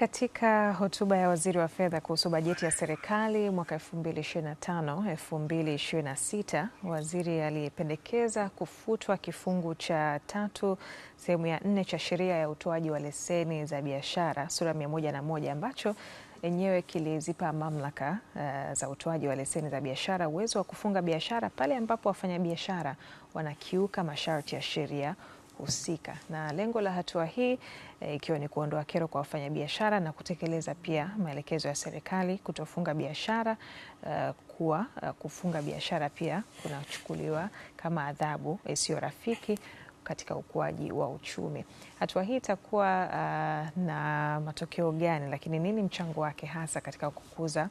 Katika hotuba ya waziri wa fedha kuhusu bajeti ya serikali mwaka 2025 2026, waziri aliyependekeza kufutwa kifungu cha tatu sehemu ya nne cha sheria ya utoaji wa leseni za biashara sura 101 ambacho enyewe kilizipa mamlaka uh, za utoaji wa leseni za biashara uwezo wa kufunga biashara pale ambapo wafanyabiashara wanakiuka masharti ya sheria husika, na lengo la hatua hii e, ikiwa ni kuondoa kero kwa wafanyabiashara na kutekeleza pia maelekezo ya serikali kutofunga biashara uh, kuwa uh, kufunga biashara pia kunachukuliwa kama adhabu isiyo rafiki katika ukuaji wa uchumi. Hatua hii itakuwa uh, na matokeo gani, lakini nini mchango wake hasa katika kukuza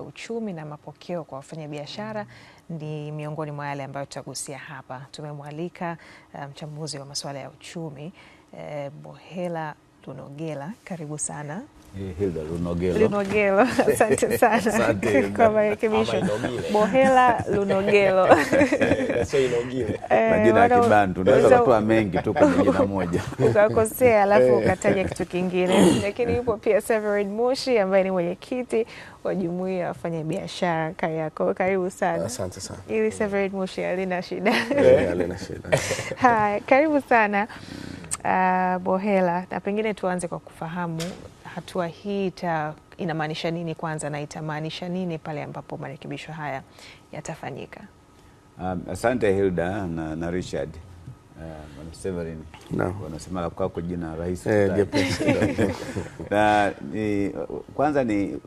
uh, uchumi na mapokeo kwa wafanyabiashara, ni miongoni mwa yale ambayo tutagusia hapa. Tumemwalika uh, mchambuzi wa masuala ya uchumi uh, Bohela Tunogela, karibu sana Eh, Hilda Lunogelo, Lunogelo. Asante sana Asante, kwa marekebisho Bohela Lunogelo eh, eh, majina ya Kibantu unaweza kutoa mengi tu kwa jina moja ukakosea, alafu ukataja kitu kingine. Lakini yupo pia Severin Moshi ambaye ni mwenyekiti wa jumuiya ya wafanyabiashara Kariakoo. Karibu sana. Asante sana. Ili Severin Moshi alina shida shida. Hai, karibu sana. Uh, Bohela, na pengine tuanze kwa kufahamu hatua hii ita inamaanisha nini kwanza na itamaanisha nini pale ambapo marekebisho haya yatafanyika? Um, asante Hilda na, na Richard uh, um, Severin wanasema la kwako jina rahisi eh, na ni, kwanza ni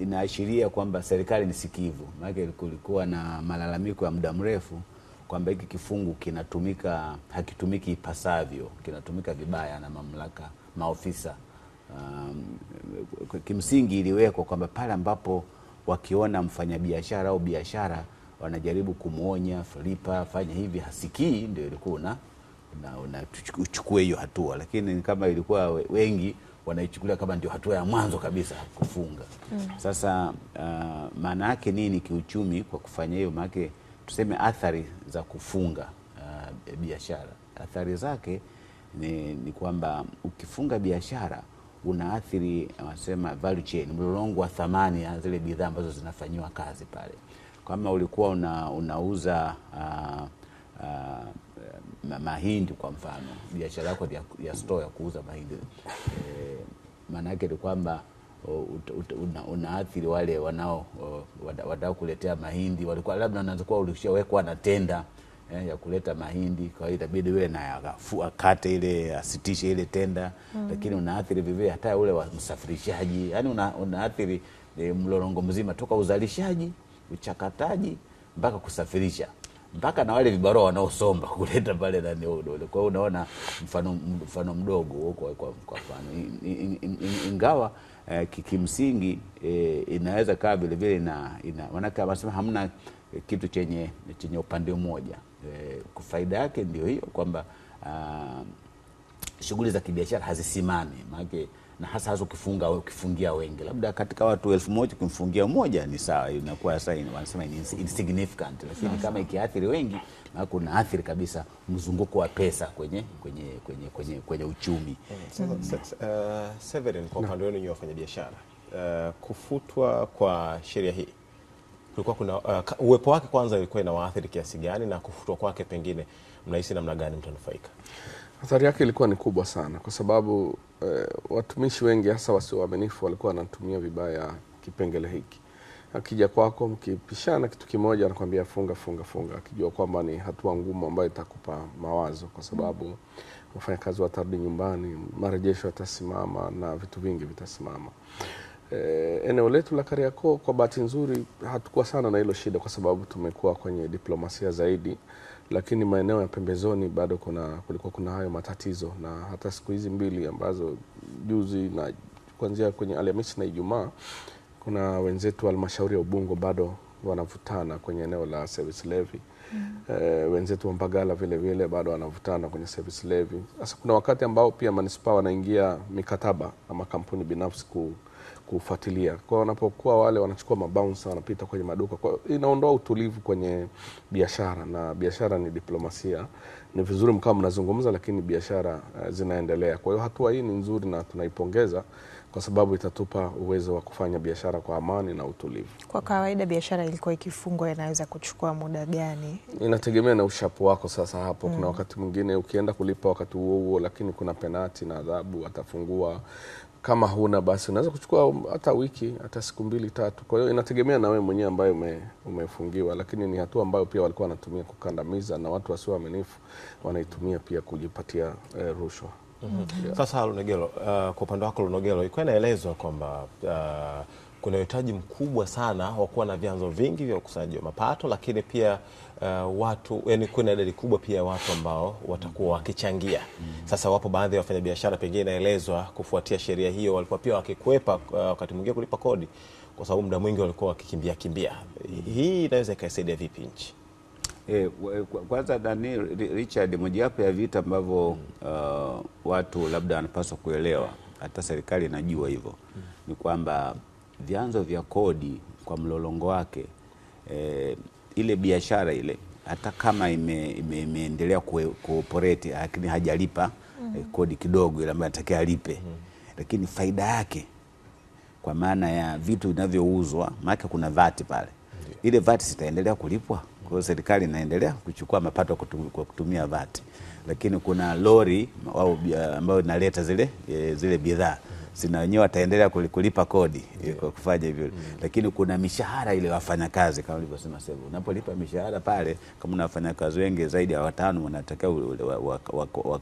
inaashiria kwamba serikali ni sikivu, maanake kulikuwa na malalamiko ya muda mrefu kwamba hiki kifungu kinatumika hakitumiki ipasavyo, kinatumika vibaya na mamlaka maofisa um, kimsingi iliwekwa kwamba pale ambapo wakiona mfanyabiashara au biashara wanajaribu kumwonya, lipa, fanya hivi, hasikii, ndio ilikuwa na unachukua hiyo hatua, lakini kama ilikuwa wengi wanaichukulia kama ndio hatua ya mwanzo kabisa kufunga. Mm. Sasa uh, maana yake nini kiuchumi kwa kufanya hiyo? Maanake tuseme athari za kufunga uh, biashara, athari zake ni, ni kwamba ukifunga biashara unaathiri wanasema value chain, mlolongo wa thamani ya zile bidhaa ambazo zinafanyiwa kazi pale. Kama ulikuwa una, unauza uh, uh, mahindi kwa mfano, biashara yako ya, ya store ya kuuza mahindi e, maana yake ni kwamba una, unaathiri wale wanao wadau kuletea mahindi, walikuwa labda wanaweza kuwa ulishawekwa na tenda eh, ya kuleta mahindi. Kwa hiyo itabidi wewe na akate ile asitishe ile tenda mm. Lakini unaathiri vivyo hata ule wa msafirishaji, yani una, unaathiri eh, mlolongo mzima toka uzalishaji, uchakataji mpaka kusafirisha mpaka na wale vibarua wanaosomba kuleta pale ndani udole. Kwa hiyo unaona mfano, mfano mdogo huko kwa, kwa mfano ingawa eh, kimsingi eh, inaweza kaa vile vile ina, ina, wanasema hamna eh, kitu chenye, chenye upande mmoja eh, faida yake ndio hiyo kwamba uh, shughuli za kibiashara hazisimami manake na hasa hasa ukifunga ukifungia wengi, labda katika watu elfu moja ukimfungia mmoja ni sawa, inakuwa sasa wanasema insignificant, lakini kama ikiathiri wengi, na kuna athiri kabisa mzunguko wa pesa kwenye kwenye kwenye kwenye, kwenye uchumi. Eh, Severin, kwa upande wenu nyinyi wafanyabiashara, eh, kufutwa kwa sheria hii kulikuwa kuna uh, uwepo wake kwanza ilikuwa inawaathiri kiasi gani, na kufutwa kwake pengine mnahisi namna gani mtanufaika? Athari yake ilikuwa ni kubwa sana, kwa sababu uh, watumishi wengi hasa wasio waaminifu walikuwa wanatumia vibaya kipengele hiki. Akija kwako mkipishana kitu kimoja, anakwambia funga funga funga, akijua kwamba ni hatua ngumu ambayo itakupa mawazo, kwa sababu wafanyakazi watarudi nyumbani, marejesho yatasimama na vitu vingi vitasimama. Eh, eneo letu la Kariakoo kwa bahati nzuri hatukuwa sana na hilo shida, kwa sababu tumekuwa kwenye diplomasia zaidi, lakini maeneo ya pembezoni bado kuna, kulikuwa kuna hayo matatizo, na hata siku hizi mbili ambazo juzi na kuanzia kwenye Alhamisi na Ijumaa kuna wenzetu wa halmashauri ya Ubungo bado wanavutana kwenye eneo la service levy. Mm. E, wenzetu wa Mbagala vile vile bado wanavutana kwenye service levy. Sasa kuna wakati ambao pia manispaa wanaingia mikataba na makampuni binafsi ku kufuatilia. kwao, wanapokuwa wale wanachukua mabounsa wanapita kwenye maduka, kwa inaondoa utulivu kwenye biashara, na biashara ni diplomasia. Ni vizuri mkawa mnazungumza, lakini biashara uh, zinaendelea. Kwa hiyo hatua hii ni nzuri na tunaipongeza kwa sababu itatupa uwezo wa kufanya biashara kwa amani na utulivu. Kwa kawaida biashara ilikuwa ikifungwa inaweza kuchukua muda gani? Inategemea na ushapu wako. Sasa hapo mm. kuna wakati mwingine ukienda kulipa wakati huo huo, lakini kuna penati na adhabu, watafungua kama huna basi unaweza kuchukua hata wiki hata siku mbili tatu. Kwa hiyo inategemea na wewe mwenyewe ambaye ume, umefungiwa, lakini ni hatua ambayo pia walikuwa wanatumia kukandamiza, na watu wasio waaminifu wanaitumia pia kujipatia eh, rushwa. Mm -hmm. Yeah. Sasa Lunogelo, uh, kwa upande wako Lunogelo, ilikuwa inaelezwa kwamba uh, kuna uhitaji mkubwa sana wa kuwa na vyanzo vingi vya ukusanyaji wa mapato, lakini pia uh, watu yani, kuna idadi kubwa pia ya watu ambao watakuwa wakichangia. Mm-hmm. Sasa wapo baadhi ya wafanyabiashara, pengine inaelezwa kufuatia sheria hiyo, walikuwa pia wakikwepa uh, wakati mwingine kulipa kodi, kwa sababu muda mwingi walikuwa wakikimbia kimbia. Hii inaweza ikaisaidia vipi nchi? E, kwanza nani Richard, mojawapo ya vita ambavyo mm. uh, watu labda wanapaswa kuelewa, hata serikali inajua hivyo, mm. ni kwamba vyanzo vya kodi kwa mlolongo wake e, ile biashara ile hata kama ime, ime, imeendelea kuoperate lakini hajalipa mm -hmm. kodi kidogo ile ambayo anatakiwa alipe mm -hmm. lakini faida yake kwa maana ya vitu vinavyouzwa, maana kuna vati pale mm ile vati zitaendelea kulipwa kwa hiyo serikali inaendelea kuchukua mapato kwa kutumia VAT, lakini kuna lori ambayo inaleta zile, eh, zile bidhaa sina wenyewe wataendelea kulipa kodi yeah. kwa kufanya hivyo mm. Lakini kuna mishahara ile wafanyakazi kama ulivyosema sasa, unapolipa mishahara pale, kama una wafanyakazi wengi zaidi ya watano, wanatakiwa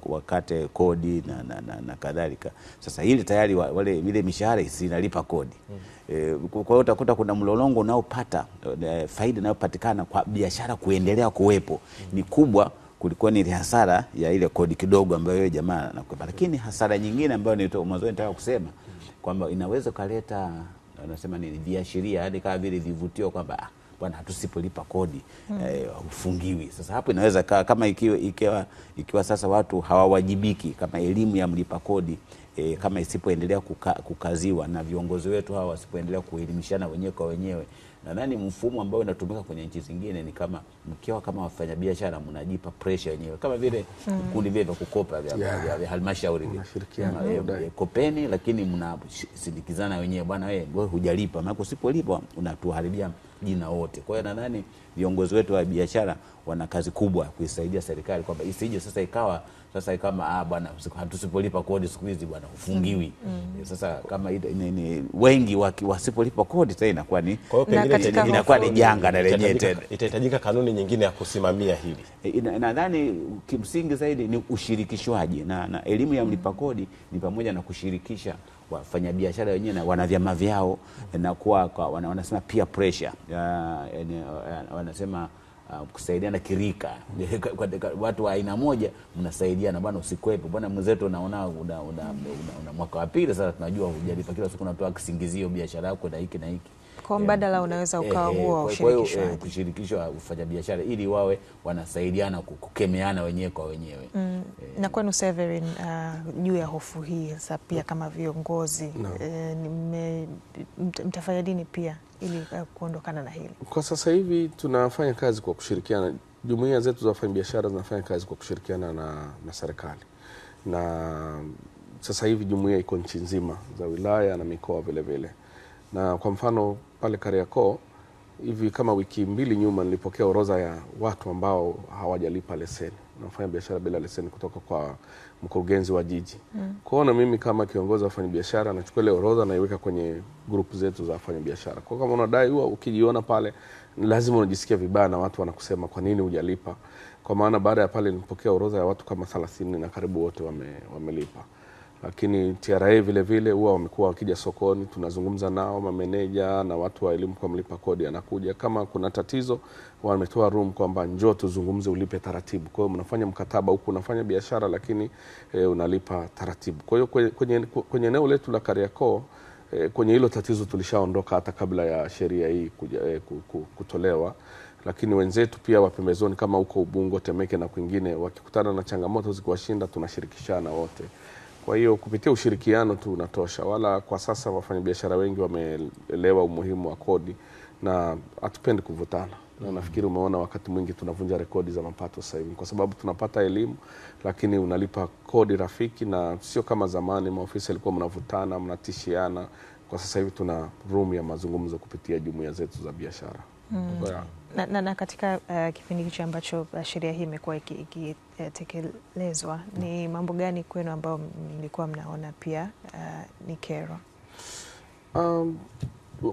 wakate kodi na, na, na, na kadhalika. Sasa hili tayari wale ile mishahara sinalipa kodi mm. E, kwa hiyo utakuta kuna mlolongo unaopata e, faida inayopatikana kwa biashara kuendelea kuwepo mm. ni kubwa kulikuwa ni hasara ya ile kodi kidogo ambayo yeye jamaa anakupa, lakini hasara nyingine ambayo nilitoa mwanzo nitaka kusema kwamba inaweza kaleta anasema ni viashiria hadi yaani kama vile vivutio kwamba ah, bwana, hatusipolipa kodi mm. eh, hufungiwi. Sasa hapo inaweza kawa kama ikiwa, ikiwa, ikiwa sasa watu hawawajibiki kama elimu ya mlipa kodi E, kama isipoendelea kuka, kukaziwa na viongozi wetu hawa wasipoendelea kuelimishana wenyewe kwa wenyewe, nadhani mfumo ambao unatumika kwenye nchi zingine ni kama mkiwa kama wafanyabiashara mnajipa pressure wenyewe, kama vile vikundi vile vya kukopa vya halmashauri vile, eh, kopeni, lakini mnasindikizana wenyewe, bwana wewe hujalipa, maana usipolipa unatuharibia jina wote. Kwa hiyo nadhani viongozi wetu wa biashara wana kazi kubwa kuisaidia serikali kwamba isije sasa ikawa sasa kama ah, bwana hatusipolipa kodi siku hizi bwana ufungiwi. Mm. Mm-hmm. Sasa kama ni, ni, wengi wasipolipa kodi tena inakuwa ni inakuwa ni janga na lenyewe tena. Itahitajika kanuni nyingine ya kusimamia hili. E, nadhani kimsingi zaidi ni ushirikishwaji na, na elimu ya mlipa kodi ni pamoja na kushirikisha wafanyabiashara wenyewe na wana vyama vyao na kuwa wana, wanasema peer pressure uh, wanasema Uh, kusaidiana kirika watu wa aina moja mnasaidiana, bwana usikwepe, bwana mwenzetu, unaona una, una, una, una mwaka wa pili sasa, tunajua hujalipa, kila siku unatoa kisingizio biashara yako na hiki na hiki. Eh, eh, kwa mbadala yeah. unaweza ukawa huo wa ushirikishwaji, eh, kushirikishwa ufanyabiashara ili wawe wanasaidiana kukemeana wenyewe kwa wenyewe mm. E, na kwenu Severin, uh, juu ya hofu hii sasa pia kama viongozi no. eh, mtafanya nini pia ili uh, kuondokana na hili? Kwa sasa hivi tunafanya kazi kwa kushirikiana, jumuiya zetu za wafanyabiashara zinafanya kazi kwa kushirikiana na, na serikali na sasa hivi jumuiya iko nchi nzima za wilaya na mikoa vilevile, na kwa mfano pale Kariakoo hivi kama wiki mbili nyuma nilipokea orodha ya watu ambao hawajalipa leseni nafanya biashara bila leseni kutoka kwa mkurugenzi wa jiji mm. Kwaona mimi kama kiongozi wa wafanyabiashara nachukua ile orodha naiweka kwenye grupu zetu za wafanyabiashara. Kwa kama unadai huwa ukijiona pale lazima unajisikia vibaya na watu wanakusema kwa nini hujalipa. Kwa maana baada ya pale nilipokea orodha ya watu kama 30 na karibu wote wame, wamelipa lakini TRA vile vile huwa wamekuwa wakija sokoni, tunazungumza nao mameneja na watu wa elimu kwa mlipa kodi, anakuja kama kuna tatizo, wametoa room kwamba njoo tuzungumze, ulipe taratibu. Kwa hiyo mnafanya mkataba huku unafanya biashara, lakini e, unalipa taratibu. Kwa hiyo kwenye, kwenye eneo letu la Kariakoo e, kwenye hilo tatizo tulishaondoka hata kabla ya sheria hii kuja, e, kutolewa lakini wenzetu pia wapembezoni kama huko Ubungo, Temeke na kwingine wakikutana na changamoto zikiwashinda, tunashirikishana wote. Kwa hiyo kupitia ushirikiano tu unatosha, wala kwa sasa wafanyabiashara wengi wameelewa umuhimu wa kodi na hatupendi kuvutana na nafikiri umeona wakati mwingi tunavunja rekodi za mapato sasa hivi kwa sababu tunapata elimu, lakini unalipa kodi rafiki, na sio kama zamani maofisa alikuwa mnavutana mnatishiana. Kwa sasa hivi tuna room ya mazungumzo kupitia jumuiya zetu za biashara mm. Na, na, na katika uh, kipindi hicho ambacho uh, sheria hii imekuwa ikitekelezwa iki, uh, ni mambo gani kwenu ambayo mlikuwa mnaona pia uh, ni kero? Um,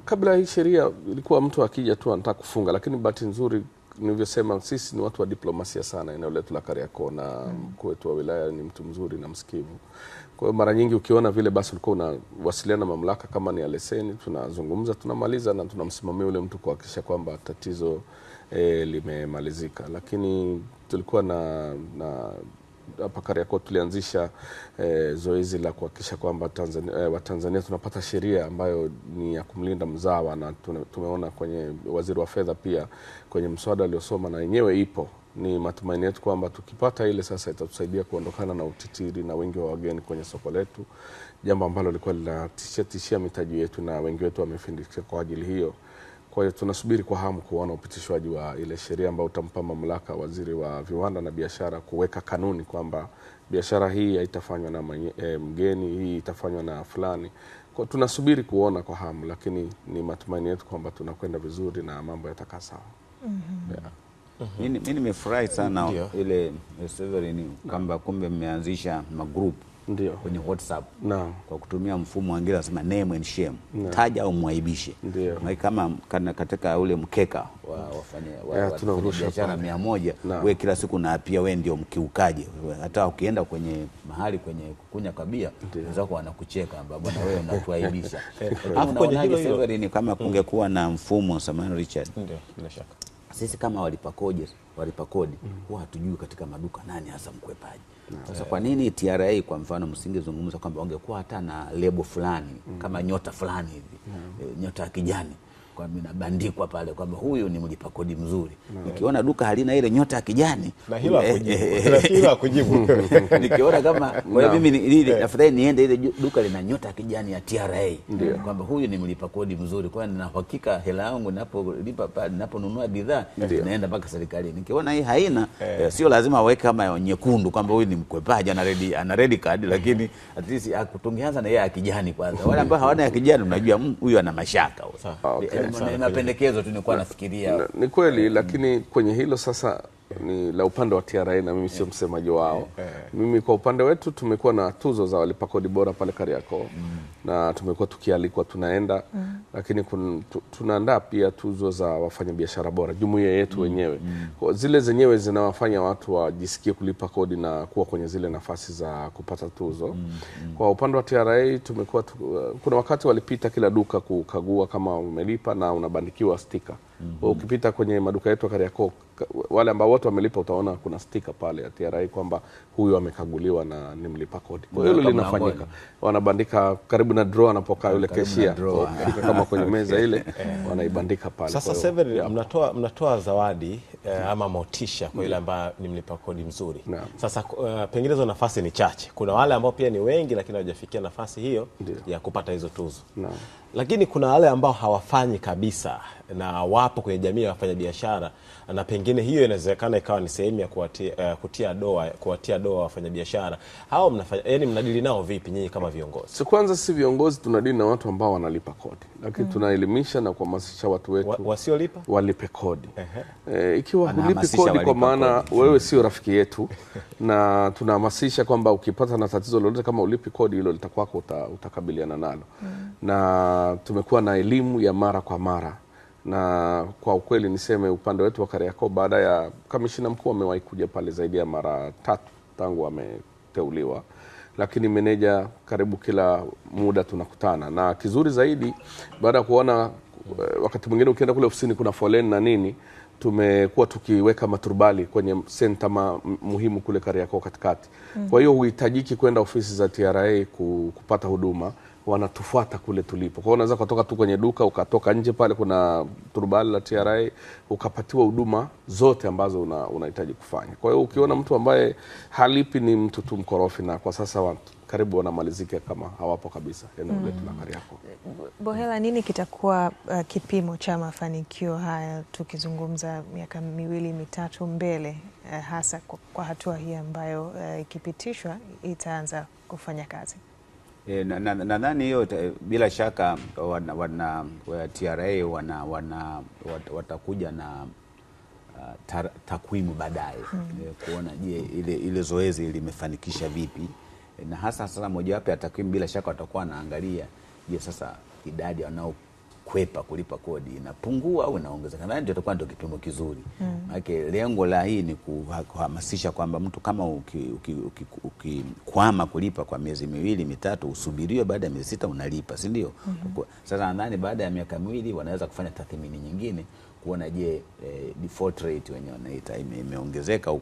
kabla hii sheria ilikuwa mtu akija tu anataka kufunga, lakini bahati nzuri nilivyosema, sisi ni watu wa diplomasia sana eneo letu la Kariakoo, na mkuu wetu wa wilaya ni mtu mzuri na msikivu. Kwa hiyo mara nyingi ukiona vile, basi ulikuwa unawasiliana na mamlaka, kama ni ya leseni, tunazungumza tunamaliza, na tunamsimamia ule mtu kuhakikisha kwamba tatizo e, limemalizika, lakini tulikuwa na, na hapa Kariakoo tulianzisha e, zoezi la kuhakikisha kwamba Tanzania, eh, Watanzania tunapata sheria ambayo ni ya kumlinda mzawa, na tumeona kwenye waziri wa fedha pia kwenye mswada aliosoma na yenyewe ipo ni matumaini yetu kwamba tukipata ile sasa itatusaidia kuondokana na utitiri na wengi wa wageni kwenye soko letu, jambo ambalo lilikuwa linatishia tishia mitaji yetu na wengi wetu wamefindikia kwa ajili hiyo. Kwa hiyo tunasubiri kwa hamu kuona upitishwaji wa ile sheria ambayo utampa mamlaka waziri wa viwanda na biashara kuweka kanuni kwamba biashara hii haitafanywa na eh, mgeni, hii itafanywa na fulani. Kwa tunasubiri kuona kwa hamu, lakini ni matumaini yetu kwamba tunakwenda vizuri na mambo yatakaa sawa. mm -hmm. yeah. mm -hmm. Mimi nimefurahi sana ile eh, Severin kwamba kumbe mmeanzisha magrupu ndio kwenye WhatsApp na kwa kutumia mfumo wa ngira nasema name and shame na. taja au mwaibishe kama kana katika ule mkeka wa wafanya wa, biashara wa moja 100 wewe kila siku naapia we ndio mkiukaji hata ukienda kwenye mahali kwenye kukunya kabia wenzako wanakucheka bwana wewe unatuaibisha ni kama kungekuwa na mfumo samani Richard ndio bila shaka sisi kama walipakodi walipakodi mm. huwa hatujui katika maduka nani hasa mkwepaji sasa kwa nini TRA kwa mfano msingezungumza kwamba wangekuwa hata na lebo fulani mm. kama nyota fulani hivi mm. nyota ya kijani kwamba inabandikwa pale kwamba huyu ni mlipa kodi mzuri. Nikiona duka halina ile nyota ya kijani na hilo hakujibu, eh, eh, eh. nikiona kama kwa hiyo mimi ile afadhali niende ile duka lina nyota ya kijani ya TRA kwamba huyu ni mlipa kodi mzuri, kwa nina hakika hela yangu ninapolipa pale, ninaponunua bidhaa naenda mpaka serikali. Nikiona hii haina eh, sio lazima aweke kama nyekundu kwamba huyu ni mkwepaji ana red ana red card, lakini at least akutungeanza ah, na yeye ya kijani kwanza. Wale ambao hawana ya kijani, unajua mm, huyu ana mashaka. Okay mapendekezo tu nilikuwa nafikiria ni kweli, lakini kwenye hilo sasa ni la upande wa TRA na mimi sio eh. msemaji wao. Eh, eh, mimi kwa upande wetu tumekuwa na tuzo za walipa kodi bora pale Kariakoo mm. na tumekuwa tukialikwa tunaenda mm. lakini kun, tunaandaa pia tuzo za wafanyabiashara bora jumuiya yetu mm. wenyewe mm. kwa zile zenyewe zinawafanya watu wajisikie kulipa kodi na kuwa kwenye zile nafasi za kupata tuzo mm. mm. kwa upande wa TRA tumekuwa uh, kuna wakati walipita kila duka kukagua kama umelipa na unabandikiwa stika mm -hmm. ukipita kwenye maduka yetu ya Kariakoo wale ambao wote wamelipa, utaona kuna stika pale ya TRA kwamba huyu amekaguliwa na ni mlipa kodi. Kwa hiyo hilo linafanyika, wanabandika karibu na draw anapokaa yule keshia kama kwenye meza ile eh. wanaibandika pale. Sasa Severin, mnatoa mnatoa zawadi eh, ama motisha kwa yule ambaye ni mlipa kodi mzuri na. Sasa uh, pengine hizo nafasi ni chache, kuna wale ambao pia ni wengi lakini hawajafikia nafasi hiyo Ndiyo. ya kupata hizo tuzo na. Lakini kuna wale ambao hawafanyi kabisa na wapo kwenye jamii ya wafanyabiashara na pengine hiyo inawezekana ikawa ni sehemu ya kuwatia, uh, kutia doa kuwatia doa wafanyabiashara hao. Mnafanya yani, mnadili nao vipi nyinyi kama viongozi? Si kwanza, si viongozi tunadili na watu ambao wanalipa kodi, lakini mm. tunaelimisha na kuhamasisha watu wetu wa, wasiolipa walipe kodi e, ikiwa hulipi kodi kwa maana hmm. wewe sio rafiki yetu na tunahamasisha kwamba ukipata na tatizo lolote kama ulipi kodi, hilo litakwako utakabiliana nalo mm. na tumekuwa na elimu ya mara kwa mara na kwa ukweli niseme upande wetu wa Kariakoo, baada ya kamishina mkuu amewahi kuja pale zaidi ya mara tatu tangu ameteuliwa, lakini meneja karibu kila muda tunakutana, na kizuri zaidi baada ya kuona eh, wakati mwingine ukienda kule ofisini kuna foleni na nini, tumekuwa tukiweka maturbali kwenye senta muhimu kule Kariakoo katikati. Mm. Kwa hiyo huhitajiki kwenda ofisi za TRA kupata huduma wanatufuata kule tulipo. Kwa hiyo unaweza ukatoka tu kwenye duka ukatoka nje pale, kuna turubali la TRA ukapatiwa huduma zote ambazo unahitaji una kufanya. Kwa hiyo ukiona mtu ambaye halipi ni mtu tu mkorofi, na kwa sasa watu karibu wanamalizika kama hawapo kabisa eneo letu la mm. Kariakoo. Bohela, nini kitakuwa uh, kipimo cha mafanikio haya tukizungumza miaka miwili mitatu mbele, uh, hasa kwa, kwa hatua hii ambayo uh, ikipitishwa itaanza kufanya kazi? E, eh, nadhani na, na, hiyo bila shaka wana, wana, eh, TRA wana, wana, wat, watakuja na uh, takwimu baadaye hmm. E, kuona je ile, ile zoezi limefanikisha vipi e, na hasa sasa mojawapo ya takwimu bila shaka watakuwa wanaangalia je sasa idadi wanao kukwepa kulipa kodi inapungua au inaongezeka? Nadhani ndio itakuwa ndio kipimo kizuri mm. lengo la hii ni kuhamasisha kwamba mtu kama ukikwama uki, uki, uki, uki, kulipa kwa miezi miwili mitatu, usubiriwe, baada ya miezi sita unalipa, si ndio? mm -hmm. Sasa nadhani baada ya miaka miwili wanaweza kufanya tathmini nyingine kuona je, eh, default rate wenye wanaita imeongezeka ime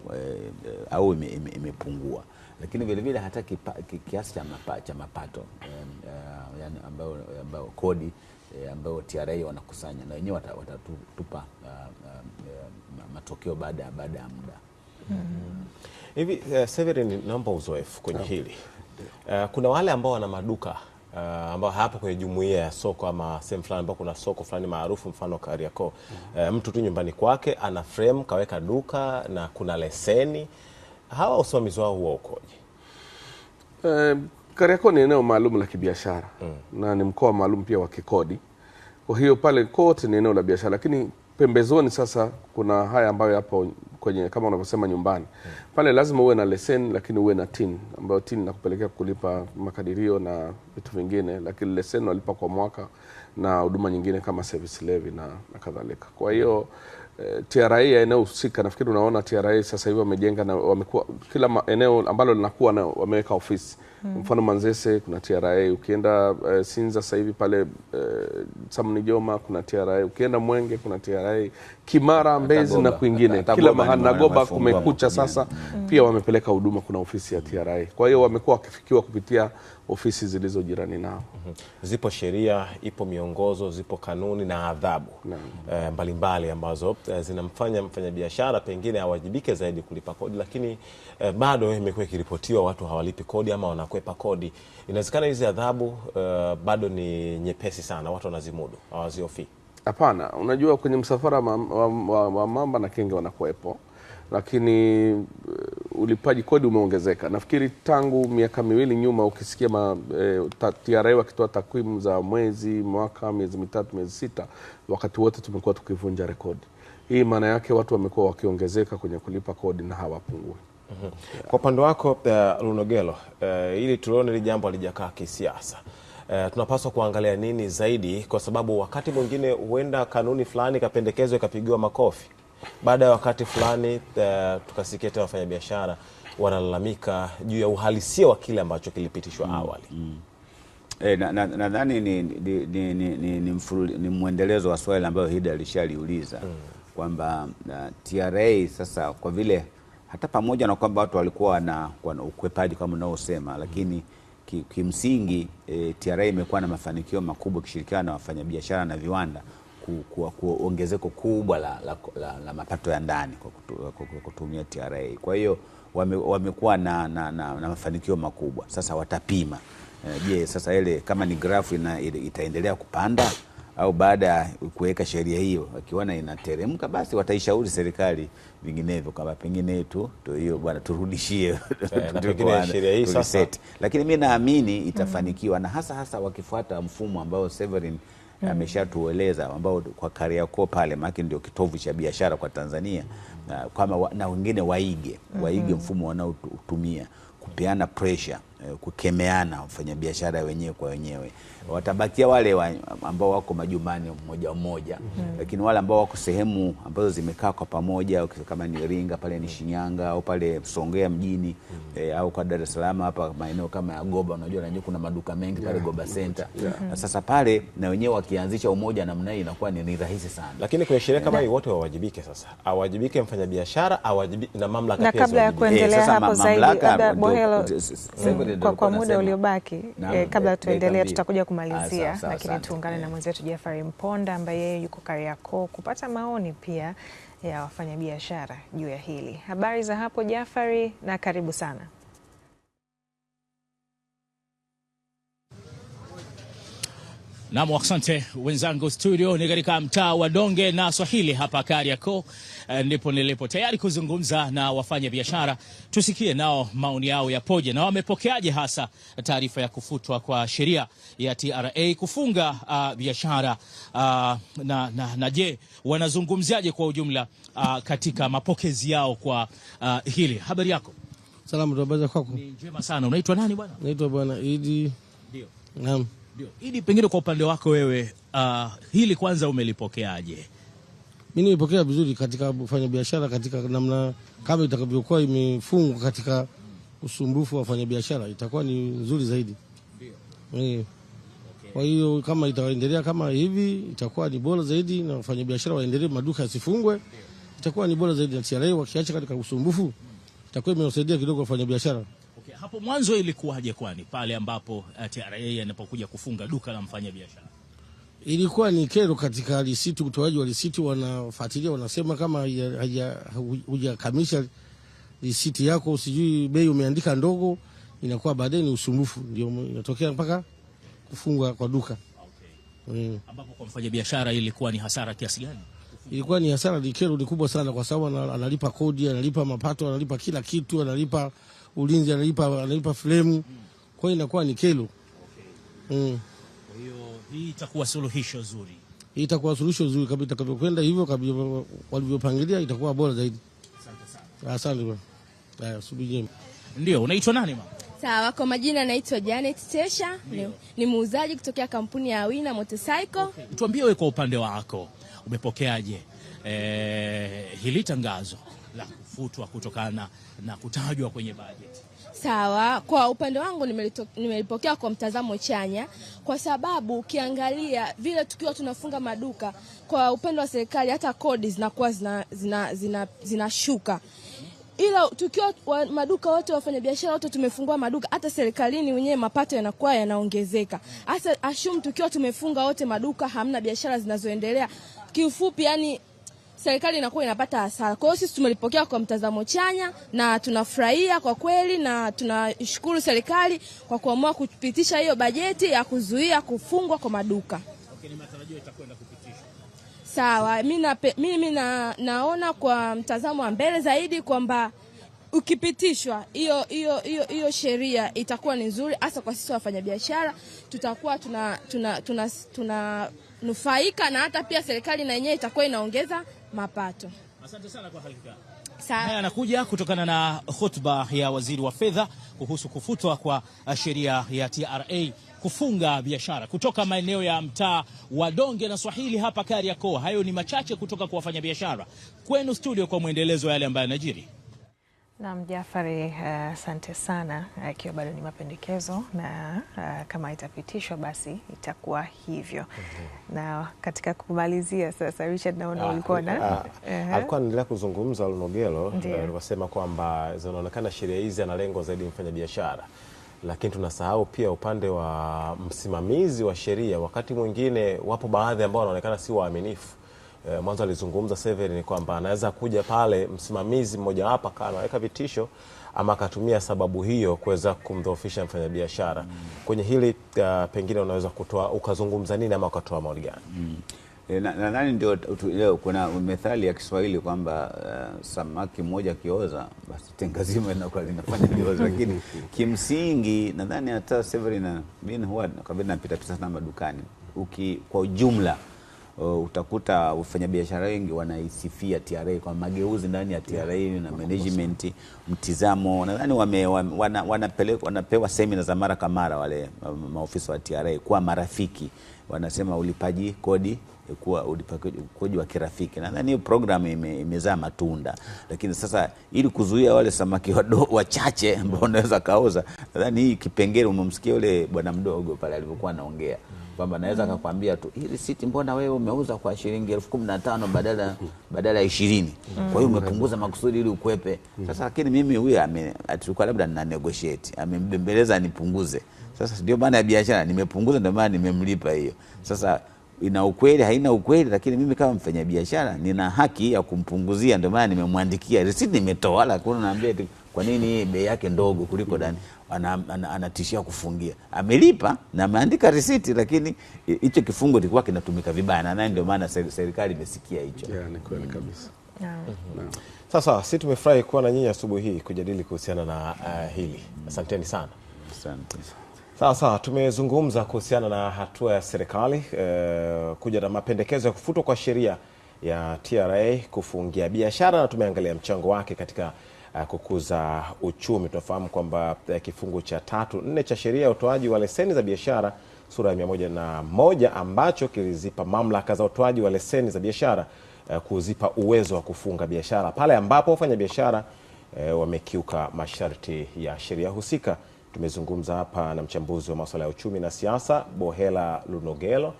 au imepungua eh, ime, ime lakini vile vile hata kiasi cha mapato eh, yani ambayo, ambayo kodi e, ambayo TRA wanakusanya na wenyewe watatupa uh, uh, matokeo baada ya baada ya muda hmm. hivi. mm -hmm. Uh, Severin, naomba uzoefu kwenye okay. hili uh, kuna wale ambao wana maduka Uh, ambao hapo kwenye jumuiya ya soko ama sehemu fulani ambao kuna soko fulani maarufu mfano Kariakoo. mm -hmm. Uh, mtu tu nyumbani kwake ana frame kaweka duka na kuna leseni, hawa usimamizi wao huwa ukoje? Uh, Kariakoo ni eneo maalum la kibiashara mm. na ni mkoa maalum pia wa kikodi. Kwa hiyo pale kote ni eneo la biashara, lakini pembezoni sasa kuna haya ambayo yapo kwenye kama unavyosema nyumbani mm. pale lazima uwe na leseni, lakini uwe na TIN ambayo TIN inakupelekea kulipa makadirio na vitu vingine, lakini leseni unalipa kwa mwaka na huduma nyingine kama service levy na, na kadhalika. Kwa hiyo eh, TRA ya eneo husika, nafikiri unaona TRA sasa hivi wamejenga na wamekuwa kila eneo ambalo linakuwa na wameweka ofisi mm. mfano Manzese kuna TRA, ukienda uh, Sinza sasa hivi pale uh, joma kuna TRA, ukienda Mwenge kuna TRA, Kimara, Mbezi na kwingine kila mahali, kumekucha sasa mm. pia wamepeleka huduma, kuna ofisi ya TRA. Kwa hiyo wamekuwa wakifikiwa kupitia ofisi zilizo jirani nao. mm -hmm. Zipo sheria, ipo miongozo, zipo kanuni na adhabu eh, mbalimbali mm -hmm. mbali ambazo zinamfanya mfanyabiashara pengine awajibike zaidi kulipa kodi, lakini bado imekuwa ikiripotiwa watu hawalipi kodi ama wanaku kukwepa kodi. Inawezekana hizi adhabu uh, bado ni nyepesi sana, watu wanazimudu, hawaziofi? Hapana, unajua kwenye msafara wa, wa, wa, wa mamba na kenge wanakuwepo, lakini uh, ulipaji kodi umeongezeka. Nafikiri tangu miaka miwili nyuma, ukisikia ma, eh, TRA wakitoa takwimu za mwezi, mwaka, miezi mitatu, miezi sita, wakati wote tumekuwa tukivunja rekodi hii. Maana yake watu wamekuwa wakiongezeka kwenye kulipa kodi na hawapungui. -hmm. Yeah. Kwa upande wako uh, Lunogelo uh, ili tulione hili jambo alijakaa kisiasa uh, tunapaswa kuangalia nini zaidi, kwa sababu wakati mwingine huenda kanuni fulani ikapendekezwa ikapigiwa makofi, baada ya wakati fulani uh, tukasikia tena wafanyabiashara wanalalamika juu ya uhalisia wa kile ambacho kilipitishwa mm, awali. mm -hmm. E, nadhani na, na, ni, ni, ni, ni, ni, ni mwendelezo wa swali ambayo Hida alishaliuliza mm kwamba uh, TRA sasa kwa vile hata pamoja na kwamba watu walikuwa na ukwepaji kama unaosema, lakini kimsingi e, eh, TRA imekuwa na mafanikio makubwa ikishirikiana na wafanyabiashara na viwanda ku ongezeko kubwa la, la, la, la mapato ya ndani kwa, kutu, kwa kutumia TRA. Kwa hiyo wame, wamekuwa na, na, na, na mafanikio makubwa. Sasa watapima eh, je, e, sasa ile kama ni grafu itaendelea kupanda au baada ya kuweka sheria hiyo wakiona inateremka, basi wataishauri serikali vinginevyo, kwamba pengine tu hiyo bwana, turudishie eh, Lakini mi naamini mm. itafanikiwa, na hasa hasa wakifuata mfumo ambao Severin mm. ameshatueleza ambao kwa Kariakoo pale, maki ndio kitovu cha biashara kwa Tanzania, na, kama wa, na wengine waige waige mm-hmm. mfumo wanaotumia kupeana pressure kukemeana wafanyabiashara wenyewe kwa wenyewe, watabakia wale wa, ambao wako majumbani mmoja mmoja mm -hmm. Lakini wale ambao wako sehemu ambazo zimekaa kwa pamoja kama ni Iringa pale ni Shinyanga au pale Songea mjini mm -hmm. Eh, au kwa Dar es Salaam hapa maeneo kama ya Goba, unajua najua kuna maduka mengi pale yeah. Goba Center yeah. Na sasa pale na wenyewe wakianzisha umoja namna hii inakuwa ni, ni rahisi sana, lakini kwenye sheria kama hii wote wawajibike. Sasa awajibike mfanyabiashara awajibike na mamlaka pia. Na kabla ya kuendelea hapo zaidi, Bohelo kwa, kwa muda uliobaki eh, kabla eh, tuendelee, tutakuja kumalizia ah, lakini tuungane na eh. mwenzetu jafari Mponda ambaye yeye yuko Kariakoo kupata maoni pia ya wafanyabiashara juu ya hili. Habari za hapo jafari na karibu sana. Nam, asante wenzangu studio. Ni katika mtaa wa Donge na Swahili hapa Kariakoo eh, ndipo nilipo tayari kuzungumza na wafanya biashara, tusikie nao maoni yao yapoje na wamepokeaje hasa taarifa ya kufutwa kwa sheria ya TRA kufunga uh, biashara uh, na, na, na je, wanazungumziaje kwa ujumla uh, katika mapokezi yao kwa uh, hili. Habari yako? Salamu. Ni njema sana. Unaitwa nani bwana? Naitwa bwana Idi. Ndio. Naam. Ndio. Idi, pengine kwa upande wako wewe, uh, hili kwanza umelipokeaje? Mi nimepokea vizuri katika biashara katika namna kama itakavyokuwa imefungwa katika usumbufu wa wafanyabiashara itakuwa ni nzuri zaidi. E. Kwa hiyo kama itaendelea kama hivi itakuwa ni bora zaidi, na wafanyabiashara waendelee, maduka yasifungwe, itakuwa ni bora zaidi, na TRA wakiacha katika usumbufu itakuwa imewasaidia kidogo wafanyabiashara. Okay, hapo mwanzo ilikuwaje kwani pale ambapo eh, TRA anapokuja kufunga duka la mfanyabiashara? Ilikuwa ni kero katika risiti, utoaji wa risiti. Wanafuatilia wanasema kama hujakamilisha risiti yako, sijui bei umeandika ndogo, inakuwa baadaye ni usumbufu, ndio inatokea mpaka kufungwa kwa duka. Okay. Mm. Ambapo kwa biashara ilikuwa ni hasara kiasi gani? Ilikuwa ni hasara, ni kero ni kubwa sana, kwa sababu analipa kodi, analipa mapato, analipa kila kitu, analipa ulinzi analipa analipa fremu, kwa hiyo inakuwa ni kelo. Mm. Kwa hiyo hii itakuwa suluhisho zuri, hii itakuwa suluhisho zuri kabisa. Itakavyokwenda hivyo kabisa, walivyopangilia itakuwa bora zaidi. Asante sana. Asante bwana. Haya, subiri jema. Ndio, unaitwa nani mama? Sawa, kwa majina naitwa Janet Tesha ni, ni muuzaji kutokea kampuni ya Wina Motorcycle. Okay. Tuambie wewe kwa upande wako umepokeaje, eh, hili tangazo la kufutwa kutokana na kutajwa kwenye bajeti. Sawa, kwa upande wangu nimelipokea kwa mtazamo chanya, kwa sababu ukiangalia vile tukiwa tunafunga maduka, kwa upande wa serikali hata kodi zinakuwa zinashuka zina, zina, zina ila tukiwa wa, maduka wote wafanyabiashara wote tumefungua maduka, hata serikalini wenyewe mapato yanakuwa yanaongezeka. Hasa ashum tukiwa tumefunga wote maduka, hamna biashara zinazoendelea kiufupi, yani serikali inakuwa inapata hasara. Kwa hiyo sisi tumelipokea kwa mtazamo chanya na tunafurahia kwa kweli, na tunashukuru serikali kwa kuamua kupitisha hiyo bajeti ya kuzuia kufungwa kwa maduka. Okay, ni matarajio itakwenda kupitishwa. Sawa, mimi na, naona kwa mtazamo wa mbele zaidi kwamba ukipitishwa hiyo hiyo hiyo hiyo sheria itakuwa ni nzuri, hasa kwa sisi wafanyabiashara tutakuwa tuna tuna, tuna, tuna, na hata pia serikali na yenyewe itakuwa inaongeza mapato. Asante sana kwa hakika. Haya anakuja kutokana na hotuba ya waziri wa fedha kuhusu kufutwa kwa sheria ya TRA kufunga biashara kutoka maeneo ya mtaa wa Donge na Swahili hapa Kariakoo. Hayo ni machache kutoka kwa wafanyabiashara kwenu studio, kwa mwendelezo wa yale ambayo yanajiri. Naam, Jafari, eh, asante uh, sana akiwa eh, uh, bado ni mapendekezo na uh, kama itapitishwa basi itakuwa hivyo. mm -hmm. Na katika kumalizia sasa, Richard, naona ah, ulikuwa na ah, alikuwa anaendelea kuzungumza Lunogelo, alivyosema kwamba zinaonekana sheria hizi ana lengo zaidi mfanyabiashara, lakini tunasahau pia upande wa msimamizi wa sheria. Wakati mwingine wapo baadhi ambao wanaonekana si waaminifu eh, mwanzo alizungumza ni kwamba anaweza kuja pale msimamizi mmojawapo akawa anaweka vitisho ama akatumia sababu hiyo kuweza kumdhoofisha mfanyabiashara mm. Kwenye hili uh, pengine unaweza kutoa ukazungumza nini ama ukatoa maoni gani? mm. E, eh, Nadhani ndio leo kuna methali ya Kiswahili kwamba uh, samaki mmoja akioza basi tenga zima linakuwa linafanya kioza, lakini kimsingi nadhani hata Severin bin Howard kabla napita pita sana madukani uki kwa ujumla uh, utakuta wafanyabiashara wengi wanaisifia TRA kwa mageuzi ndani ya TRA yeah, na management mtizamo. Nadhani wame, wana, wanapelekwa wanapewa semina za mara kwa mara wale maofisa wa TRA kuwa marafiki, wanasema ulipaji kodi kuwa ukoji wa kirafiki. Nadhani hiyo programu ime, imezaa matunda, lakini sasa ili kuzuia wale samaki wadogo wachache ambao wanaweza kauza, nadhani hii kipengele, umemsikia yule bwana mdogo pale alivyokuwa anaongea kwamba naweza akakwambia tu hii risiti, mbona wewe umeuza kwa shilingi elfu kumi na tano badala badala ya ishirini. Mm. Kwa hiyo umepunguza makusudi ili ukwepe. Sasa lakini mimi huyu atulikuwa labda nina negotiate, amembembeleza nipunguze. Sasa ndio maana ya biashara, nimepunguza, ndio maana nimemlipa hiyo sasa ina ukweli haina ukweli, lakini mimi kama mfanyabiashara nina haki ya kumpunguzia. Ndio maana nimemwandikia risiti, nimetoa wala kuna naambia kwa nini bei yake ndogo kuliko dani, anatishia kufungia. Amelipa na ameandika risiti, lakini hicho kifungo kilikuwa kinatumika vibaya, na naye ndio maana serikali imesikia hicho. Yeah, ni kweli kabisa. Sasa sisi tumefurahi kuwa na nyinyi asubuhi hii kujadili kuhusiana na uh, hili. Asanteni sana, asante. Sasa tumezungumza kuhusiana na hatua ya serikali eh, kuja na mapendekezo ya kufutwa kwa sheria ya TRA kufungia biashara na tumeangalia mchango wake katika uh, kukuza uchumi. Tunafahamu kwamba uh, kifungu cha tatu nne cha sheria ya utoaji wa leseni za biashara sura ya mia moja na moja ambacho kilizipa mamlaka za utoaji wa leseni za biashara uh, kuzipa uwezo wa kufunga biashara pale ambapo wafanyabiashara uh, wamekiuka masharti ya sheria husika. Tumezungumza hapa na mchambuzi wa masuala ya uchumi na siasa Bohela Lunogelo,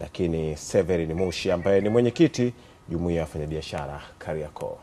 lakini Severin Mushi ambaye ni mwenyekiti jumuiya ya wafanyabiashara Kariakoo.